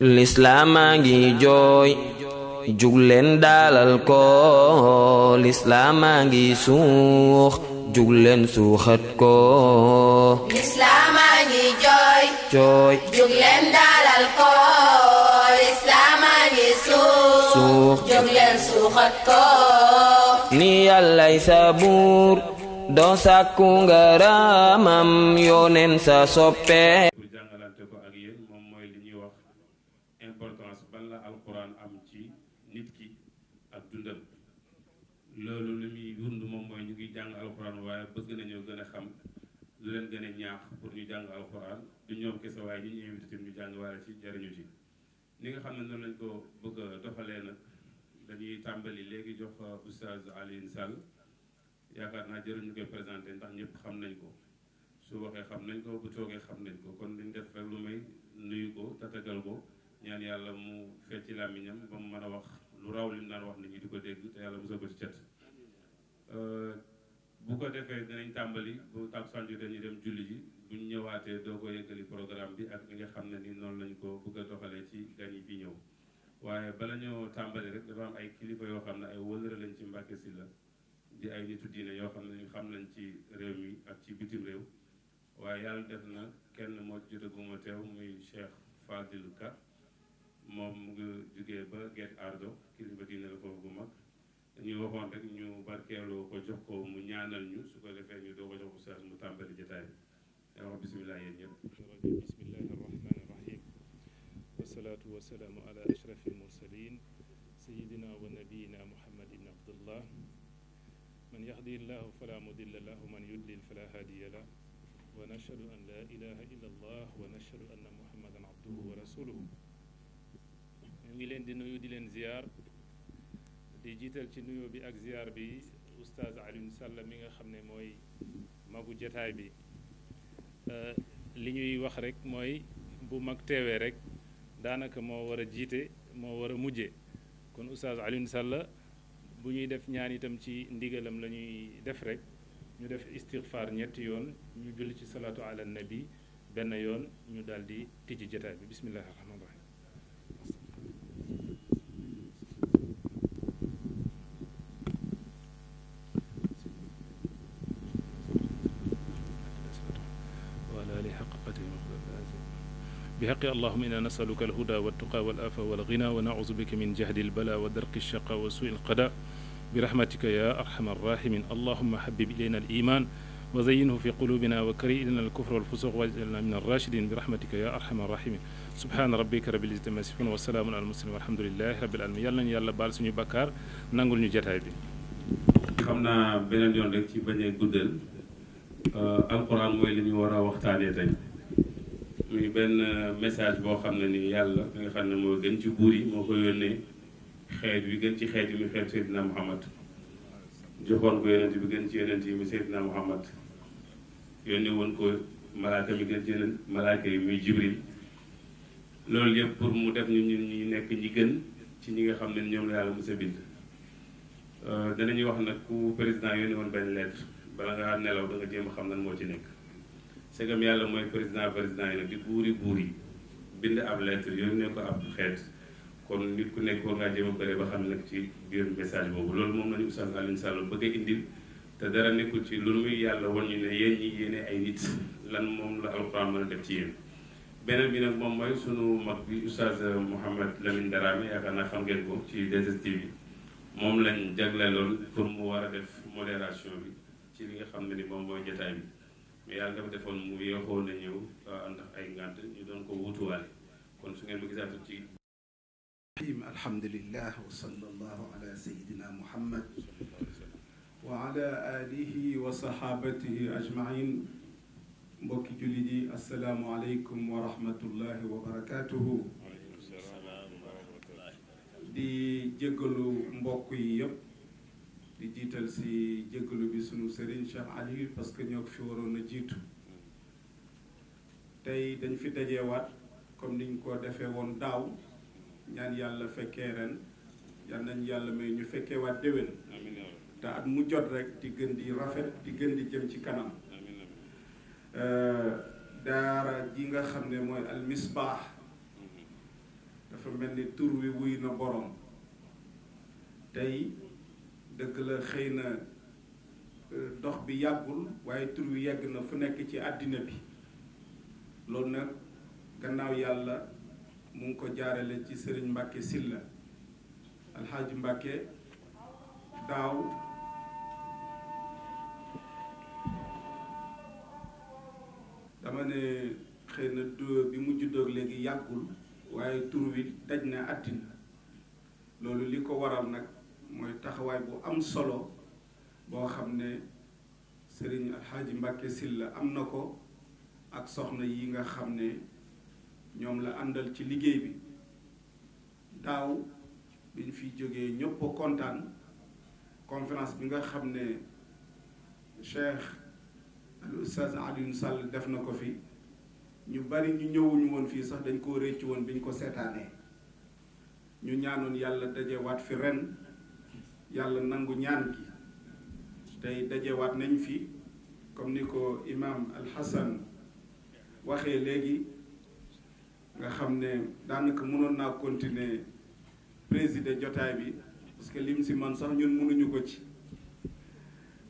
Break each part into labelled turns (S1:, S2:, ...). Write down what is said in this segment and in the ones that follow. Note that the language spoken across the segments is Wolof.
S1: lislaamaa ngi jooy jugleen daalal ko lislaamaa ngi suux jugleen suuxat ko
S2: lislaamaa ngi
S1: ni yàllay sabuur doo sàkku ngaramam yooneen sa soppe loolu li muy wund moom mooy ñu ngi jàng alxuraan waaye bëgg nañoo gën a xam lu leen gën a ñaax pour ñu jàng a du ñoom kese waaye ñi ñu invité tamit ñu jàng waaye ci jariñu ci ni nga xam ne noonu lañ ko bëgg a doxalee dañuy tàmbali léegi jox oustaz Alioune yaakaar naa jëriñ ñu koy présenté ndax ñëpp xam nañ ko su waxee xam nañ ko bu toogee xam nañ ko kon dañ def rek lu may nuyu ko tatagal ko ñaan yàlla mu fecc làmmiñam ba mu mën a wax lu raw li mu daan wax nit ñi di ko dégg te yàlla mosoo ko ci cet Euh, bu ko defee dinañ tàmbali bu tàkkusaan jotee ñu dem julli yi buñ ñëwaatee doo ko yëgali programme bi ak li nga xam ne ni noonu lañu ko bëgg a doxalee ci gan yi fi ñëw waaye bala tàmbali rek dafa am ay kilifa yoo xam ne ay wëllëre lañ ci Mbàkke la di ay nitu diine yoo xam ne ñu xam nañ ci réew mi ak ci bitim réew waaye yàlla def na kenn moo jot aguma teew muy Cheikh Fadilou Ka moom mu jógee ba Guet Ardo kilifa diine la foofu bu mag dañu waxoon rek ñu barkeeloo ko jox ko mu ñaanal ñu su ko defee ñu doo ko jox
S2: oustaz mu tàmbali jotaay bi wax bismillah yéen ñëpp bismillahi rahmani rahim wasalaatu wasalaamu ala ashraf almursalin sayidina wa nabiyina muhammad ibn abdullah man yahdi llahu fala mudilla lahu man yudlil fala hadiya lah wa nashhadu an la ilaha illa allah wa nashhadu anna muhammadan abduhu wa rasuluhu ñu ngi leen di nuyu di leen ziyaar di jiital ci nuyoo bi ak ziar bi oustaz Alioune Sall mi nga xam ne mooy magu jataay bi li ñuy wax rek mooy bu mag teewee rek daanaka moo war a jiite moo war a mujje kon oustaz Alioune Sall bu ñuy def ñaan itam ci ndigalam la ñuy def rek ñu def istighfar ñetti yoon ñu julli ci salaatu ala nabi benn yoon ñu daldi di tijji jataay bi bisimilah. بحق اللهم إنا نسألك الهدى والتقى والعفو والغنى ونعوذ بك من جهد البلاء ودرك الشقاء وسوء القضاء برحمتك يا أرحم الراحمين اللهم حبب إلينا الإيمان وزينه في قلوبنا وكري إلينا الكفر والفسوق واجعلنا من الراشدين برحمتك يا أرحم الراحمين subhaana rabbika rabbil izzati ammaa yasifuun wa salaamun alal mursaliin walhamdulillahi rabbil aalamiin yàlla nañu yàlla baal suñu bakkaar nangul ñu jataay bi
S1: xam naa beneen yoon rek ci bañ a guddal euh, alquran mooy li ñu war a waxtaanee tey muy benn euh, message boo xam ne ni yàlla mi nga xam ne moo gën ci buur yi moo ko yónnee xeet wi gën ci xeet yi muy xeet Seydina Muhammad joxoon ko yonent bi gën ci yonent yi muy Seydina Muhammad yónnee woon ko malaaka bi gën ci yonent malaaka muy Jibril loolu yëpp pour mu def ñu ñu ñi nekk ñi gën ci ñi nga xam ne ñoom la yàlla mos a bind euh, danañuy wax nag ku président yónnee woon benn lettre bala ngaa nelaw da nga jéem a xam lan moo ci nekk segam yàlla mooy président président yi nag di yi buur yi bind ab yooyu yónnee ko ab xeet kon nit ku nekk nga ngaa jéem a ba xam nag ci biir message boobu loolu moom lañu Oustaz Alioune Sall bëgg a indil te dara nekkul ci lu muy yàlla wan ñu ne yéen ñi yéene ay nit lan moom la alxuraan mën a def ci beneen bi nag moom mooy sunu mag bi Oustaz Mouhamed Lamine Darame yaakaar naa xam ngeen boobu ci 2STV moom lañ jagleeloon pour mu war a def modération bi ci li nga xam ne ni moom mooy jotaay bi mais yàlla dafa defoon mu yeexoo na ñëw ah, ndax ay ngànt ñu doon ko wutuwaale kon su ngeen ma gisaatu ci
S3: alhamdulillah wa sallallahu ala sayidina muhammad wa ala alihi wa sahabatihi ajmain mbokki jullit yi assalaamu aleykum wa rahmatullahi wa barakatuhu di jéggalu mbokk yi yépp di jiital si jégalu bi sunu sëriñ Cheikh Aliou parce que ñoo fi waroon a jiitu tey dañ fi dajeewaat comme niñ ko defee woon daaw ñaan yàlla fekkee ren yal nañ yàlla may ñu fekkee waat déwén te at mu jot rek di gën di rafet di gën di jëm ci kanam euh, daara ji nga xam ne mooy Al mhm. dafa mel ni tur wi wuy na borom tey dëgg la xëy na euh, dox bi yàggul waaye tur wi yegg na fu nekk ci àddina bi loolu nag gannaaw yàlla mu ngi ko jaarale ci sëriñ Mbàkke Silla alxaaji Mbàkke daaw dama ne xëy na bi mu juddoo léegi yàggul waaye tur wi daj na àddina loolu li ko waral nag mooy taxawaay bu am solo boo xam ne sëriñ alxaaji Mbàkke la am na ko ak soxna yi nga xam ne ñoom la àndal ci liggéey bi daaw biñ fi jógee ñëpp kontaan conférence bi nga xam ne cheikh al oustaz Alioune Sall def na ko fi ñu bari ñu ñëwuñu woon fii sax dañ koo rëcc woon biñ ko seetaanee ñu ñaanoon yàlla dajewaat fi ren yàlla nangu ñaan bi tey dajewaat nañ fi comme ni ko imaam alxasan waxee léegi nga xam ne daanaka mënoon naa continuer présider jotaay bi parce que lim si man sax ñun mënuñu ko ci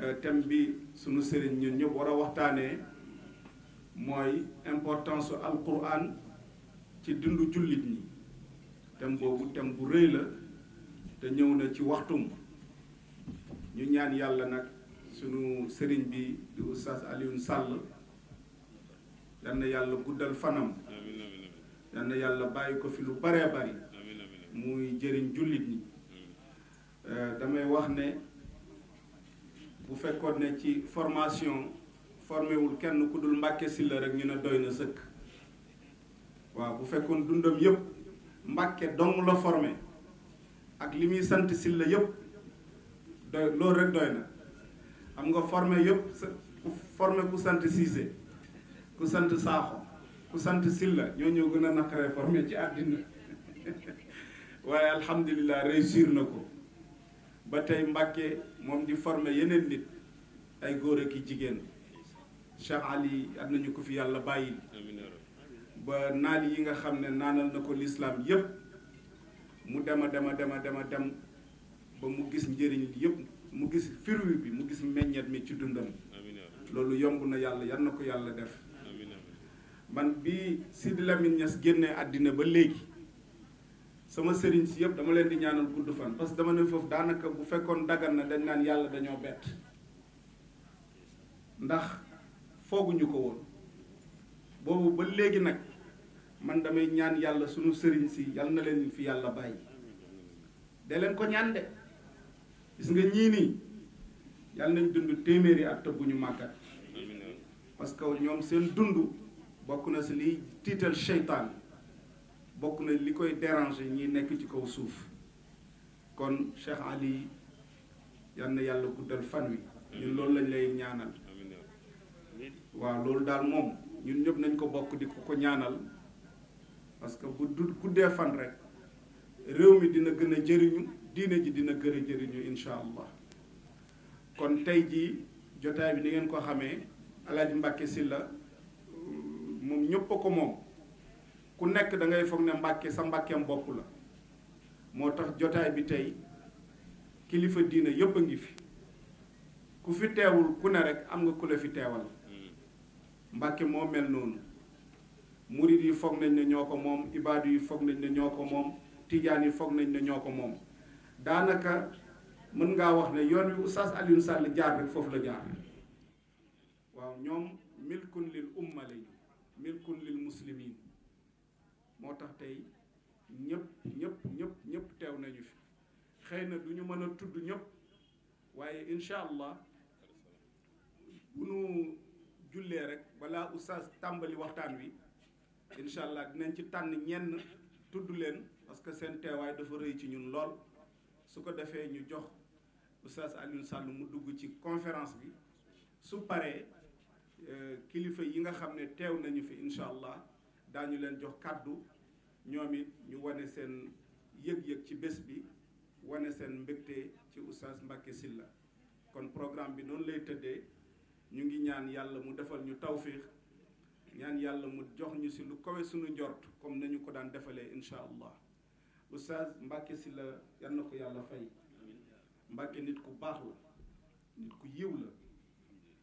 S3: euh, thème bi sunu sëriñ ñun ñëpp war a waxtaanee mooy importance su alquran ci dundu jullit ñi thème boobu thème bu rëy la te ñëw na ci waxtum ñu ñaan yàlla nag sunu sëriñ bi di oustaz Alioune Sall yal na yàlla guddal fanam yal na yàlla bàyyi ko fi lu baree bari muy jëriñ jullit ñi euh, damay wax ne bu fekkoon ne ci formation formé wul kenn ku dul Mbàkke Sylla rek ñu ne doy na sëkk waaw bu fekkoon dundam yépp Mbàkke dong la formé ak li muy sant Sylla yépp doy loolu rek doy na xam nga forme yëpp sa ku sant Cissé ku sant Sakho ku sant Silla ñoo ñoo gën a naqaree formé ci àddina waaye alhamdulilah réussir na ko ba tey Mbàkke moom di formé yeneen nit ay góor a ki jigéen Cheikh Ali am nañu ko fi yàlla bàyyil ba naal yi nga xam ne naanal na ko lislaam yépp mu dema dema dema dema dem ba mu gis njëriñ li yëpp mu gis firwi bi mu gis meññet mi ci dundam loolu yomb na yàlla yal na ko yàlla def man bi si Lamine Niass génnee àddina ba léegi sama sëriñ si yëpp dama leen di ñaanal gudd fan parce que dama ne foofu daanaka bu fekkoon dagan na dañ naan yàlla dañoo bett ndax fooguñu ko woon boobu ba léegi nag man damay ñaan yàlla sunu sëriñ si yal na leen fi yàlla bàyyi de ko ñaan de gis nga ñii nii yàlla nañ dund téeméeri at te bu ñu màggat parce que ñoom seen dund bokk na si liy tiital seytaan bokk na li koy déranger ñi nekk ci kaw suuf kon Cheikh Ali yan na yàlla guddal fan wi ñun loolu lañ lay ñaanal waaw loolu daal moom ñun ñëpp nañ ko bokk di ko ko ñaanal parce que bu du guddee fan rek réew mi dina gën a jëriñu diine ji dina gën a jëriñu incha allah kon tey jii jotaay bi ni ngeen ko xamee Alaaji Mbàkke la moom ñépp a ko moom ku nekk dangay foog ne Mbàkke sa Mbàkkeem bopp la moo tax jotaay bi tey kilifa diine yëpp a ngi fi ku fi teewul ku ne rek am nga ku la fi teewal Mbàkke moo mel noonu murid yi foog nañ ne ñoo ko moom ibaadu yi foog nañ ne ñoo ko moom tijaan yi foog nañ ne ñoo ko moom daanaka mën ngaa wax ne yoon wi oustaz Alioune Sall jaar rek foofu la jaar waaw ñoom milkun lil umma lañu milkun lil muslimin moo tax tey ñëpp ñëpp ñëpp ñëpp teew nañu fi xëy na du ñu mën a tudd ñëpp waaye incha allah bu nu jullee rek balaa oustaz tàmbali waxtaan wi incha allah dinañ ci tànn ñenn tudd leen parce que seen teewaay dafa rëy ci ñun lool su ko defee ñu jox oustaz Alioune Sall mu dugg ci conférence bi su paree euh, kilifa yi nga xam ne teew nañu fi incha allah daañu leen jox kàddu ñoom it ñu wane seen yëg-yëg ci bés bi wane seen mbégte ci oustaz Mbacké Sylla kon programme bi noonu lay tëddee ñu ngi ñaan yàlla mu defal ñu tawfiix ñaan yàlla mu jox ñu si lu kowe suñu njort comme nañu ko daan defalee incha allah oustaz Mbacke si la yal na ko yàlla fay Mbacke nit ku baax la nit ku yiw la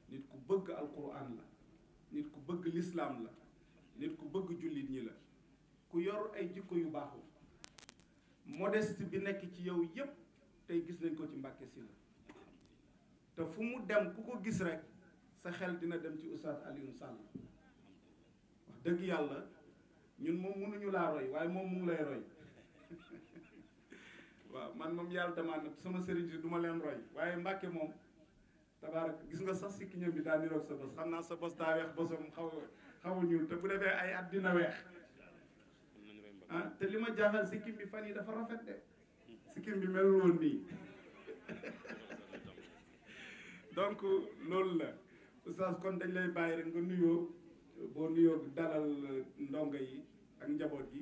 S3: nit ku bëgg alquran la nit ku bëgg lislaam la nit ku bëgg jullit ñi la ku yor ay jikko yu baax la bi nekk ci yow yépp tey gis nañ ko ci Mbacke si la te fu mu dem ku ko gis rek sa xel dina dem ci oustaz Alioune Sall wax dëgg yàlla ñun moom mënuñu laa roy waaye moom mu ngi lay roy waaw man moom yàlla damaa nag sama sëriñ si leen roy waaye Mbàkke moom tabaarak gis nga sax sikkiñam bi daa niroog sa bos xam naa sa bos daa weex bosam xaw xaw ñuul te bu defee ay at dina weex ah, ah te li ma jaaxal sikkim bi fan yi dafa rafet de sikkim bi melul woon nii donc loolu la oustaz kon dañ lay bàyyi rek nga nuyoo boo nuyoo dalal ndongo yi ak njaboot yi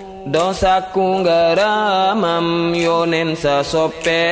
S1: doo sàkku ngaramam yonen sa soppe